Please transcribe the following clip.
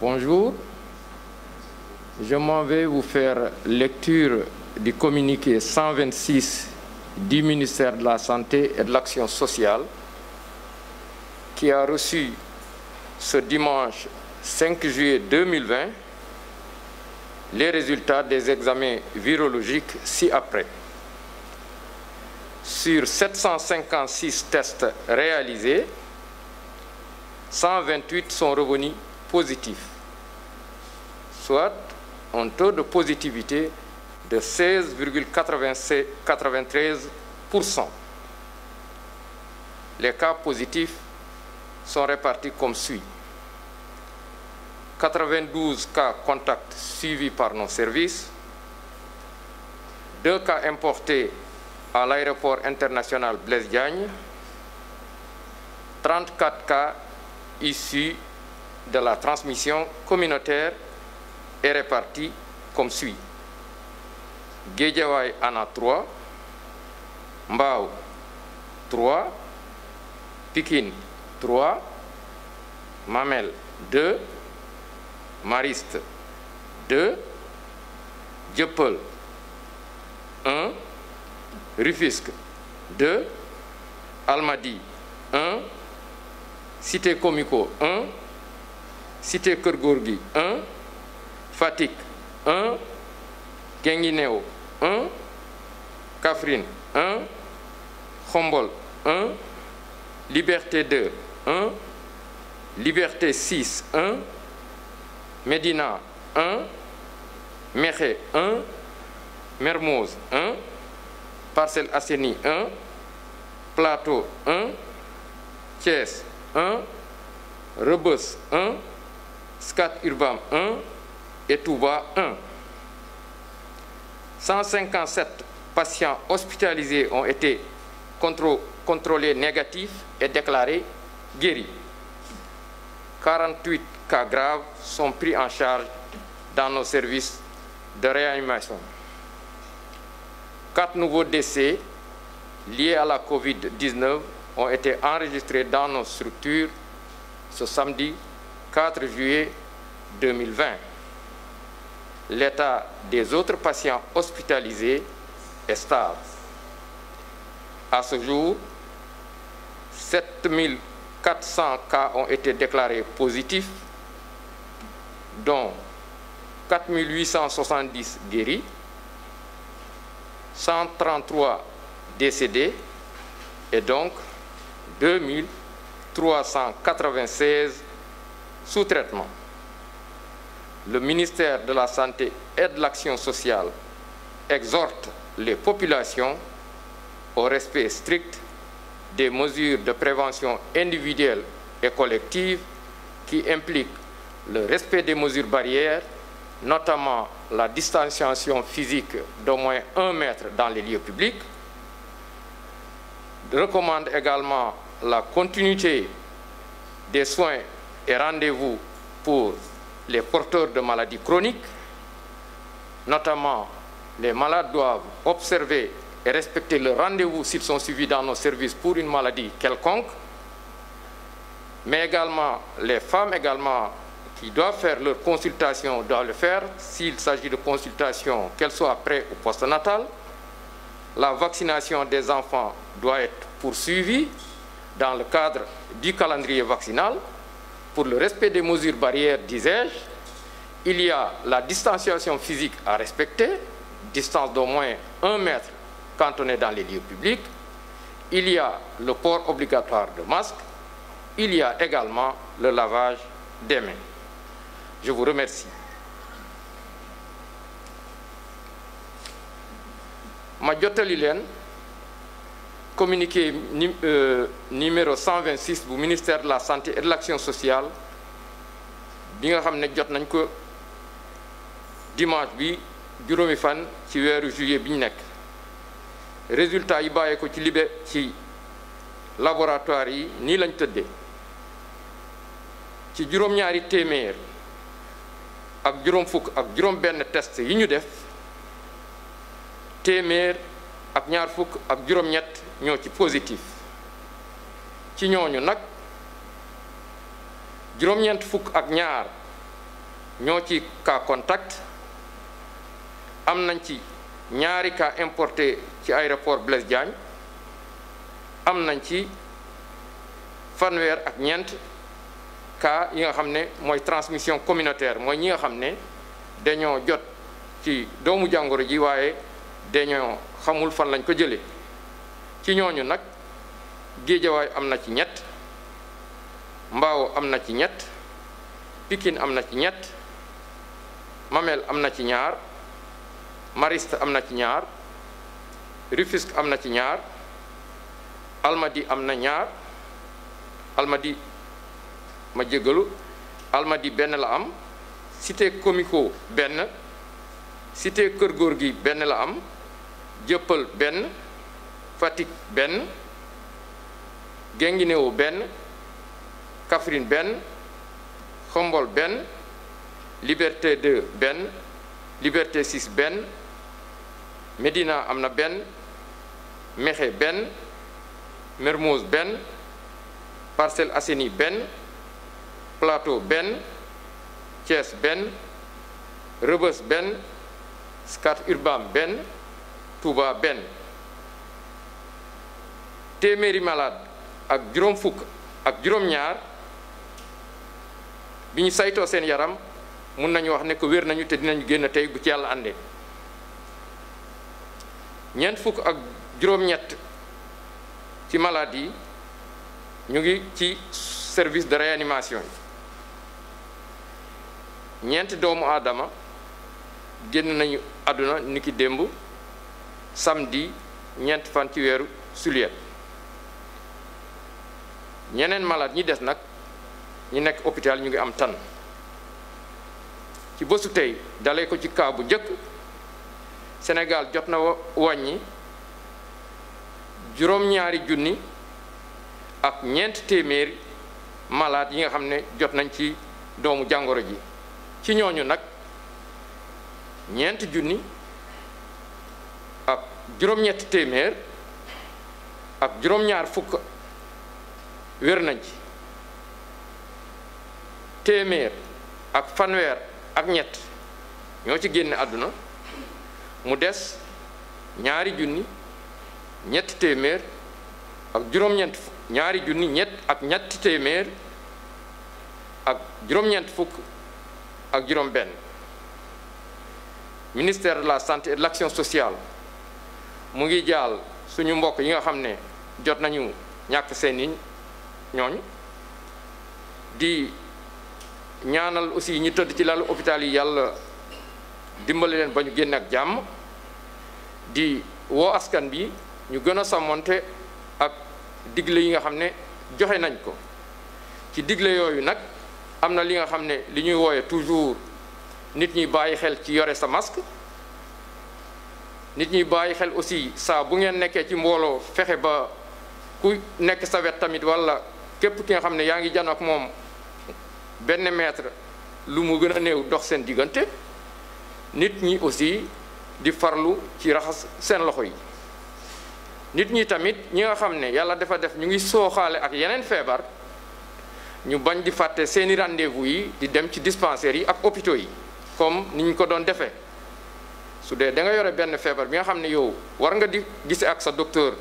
Bonjour. Je m'en vais vous faire lecture du communiqué 126 du ministère de la Santé et de l'Action sociale qui a reçu ce dimanche 5 juillet 2020 les résultats des examens virologiques ci-après. Sur 756 tests réalisés, 128 sont revenus positif, soit un taux de positivité de 16,93%. Les cas positifs sont répartis comme suit. 92 cas contacts suivis par nos services, 2 cas importés à l'aéroport international Blaise Diagne, 34 cas issus de la transmission communautaire est répartie comme suit. Guédiawaï Ana 3, Mbao 3, Pikine 3, Mamel 2, Mariste 2, Dieuppeul 1, Rufisque Almadi 1, Cité Comico Cité Keur Gorgui 1 Fatick 1 Guinguinéo 1 Kaffrine 1 Khombol 1 Liberté 2 Liberté 6 Médina 1 Mékhé 1 Mermoz Plateau 1 Thiès SCAT Urbam 1 et Touba 1. 157 patients hospitalisés ont été contrôlés négatifs et déclarés guéris. 48 cas graves sont pris en charge dans nos services de réanimation. 4 nouveaux décès à la COVID-19 ont été dans nos structures ce 4 juillet 2020. L'état des autres patients hospitalisés est stable. À ce jour, 7400 cas ont été déclarés positifs, dont 4870 guéris, 133 décédés et donc 2396 sous-traitement. Le ministère de la Santé et de l'Action sociale exhorte les populations au respect strict des mesures de prévention individuelle et collective qui impliquent le respect des mesures barrières, notamment la distanciation physique d'au moins un mètre dans les lieux publics, recommande également la continuité des soins et rendez-vous pour les porteurs de maladies chroniques. Notamment, les malades doivent observer et respecter le rendez-vous s'ils sont suivis dans nos services pour une maladie quelconque. Mais également, les femmes également qui doivent faire leur consultation doivent le faire s'il s'agit de consultations, qu'elles soient pré ou postnatales. La vaccination des enfants doit être poursuivie dans le cadre du calendrier vaccinal. pour le respect des mesures barrières, disais-je, il y a la distanciation physique à respecter, distance d'au moins 1 mètre quand on est dans les lieux publics, il y a le port obligatoire de masque, il y a également le lavage des mains. Je vous remercie. ma jottali leen communiqué euh, numéro 126 bu ministère de la santé et de l'action sociale bi nga xam ne jot nañ ko dimanche bi juróomi fan ci weeru juillet bi ñu nekk résultat yi bàyyee ko ci libe ci laboratoire yi nii lañ tëddee ci juróom-ñaari téeméer ak juróom fukk ak juróom benn test yi ñu def téeméer ak ñaar fukk ak juróom-ñett ñoo ci positif ci ñooñu nag juróom-ñeent fukk ak ñaar ñoo ci cas contact am nañ ci ñaari kaa importé ci aéroport Blaise Diagne am nañ ci fanweer ak ñeent kaa yi nga xam ne mooy transmission communautaire mooy ñi nga xam ne dañoo jot ci doomu jàngoro ji waaye dañoo xamul fan lañ ko jëlee ci ñooñu nag géejawaay am na ci ñett mbaaw am na ci ñett pikin am na ci ñett mamel am na ci ñaar mariste am na ci ñaar Rufisque am na ci ñaar almadi am na ñaar almadi ma jéggalu almadi benn la am cité comico benn cité kër góor gi benn la am jëppal benn Fatick benn Guinguinéo benn Kaffrine benn Xombol benn Liberté 2 benn Liberté 6 benn Médina am na benn Mékhé benn Mermoz benn Parcelles Assainies benn Plateau benn Thiès benn Rebeuss benn Scat Urbam benn Touba benn téeméeri malade ak juróom fukk ak juróom-ñaar bi ñu saytoo seen yaram mun nañu wax ne ko wér nañu te dinañu génn tey bu ci yàlla àndee ñeent fukk ak juróom-ñett ci malade yi ñu ngi ci service de réanimation yi ñeent doomu aadama génn nañu àdduna niki démb samedi ñeent fan ci weeru sulet ñeneen malaat ñi des nag ñi nekk hôpital ñu ngi am tan ci bésu tey dalee ko ci cas bu njëkk senegal jot na wàññi juróom-ñaari junni ak ñeent téeméeri malade yi nga xam ne jot nañ ci doomu jàngoro ji ci ñooñu nag ñeent junni ak juróom-ñetti téeméer ak juróom-ñaar fukk wér nañ ci téeméer ak fanweer ak ñett ñoo ci génne àdduna mu des ñaari junni ñetti téeméer ak juróom-ñeent fukk ñaari junni ñett ak ñetti téeméer ak juróom-ñeent fukk ak ministère de la santé et de l'action sociale mu ngi jaal suñu mbokk yi nga xam ne jot nañu ñàkk seeniñ ñooñ di ñaanal aussi ñu tëdd ci lalu hôpital yi yàlla dimbali leen ba ñu génn ak jàmm di woo askan bi ñu gën a sàmmonte ak digle yi nga xam ne joxe nañ ko ci digle yooyu nag am na li nga xam ne li ñuy wooye toujours nit ñi bàyyi xel ci yore sa masque nit ñi bàyyi xel aussi saa bu ngeen nekkee ci mbooloo fexe ba ku nekk sa wet tamit walla képp ki nga xam ne yaa ngi jano ak moom benn metre lu mu gën a néew dox seen diggante nit ñi aussi di farlu ci raxas seen loxo yi nit ñi tamit ñi nga xam ne yàlla dafa def ñu ngi sooxaale ak yeneen feebar ñu bañ di fàtte seeni rendez-vous yi di dem ci dispensaires yi ak hôpitaux yi comme ni ñu ko doon defee su dee da nga yore benn feebar bi nga xam ne yow war nga di gise ak sa docteur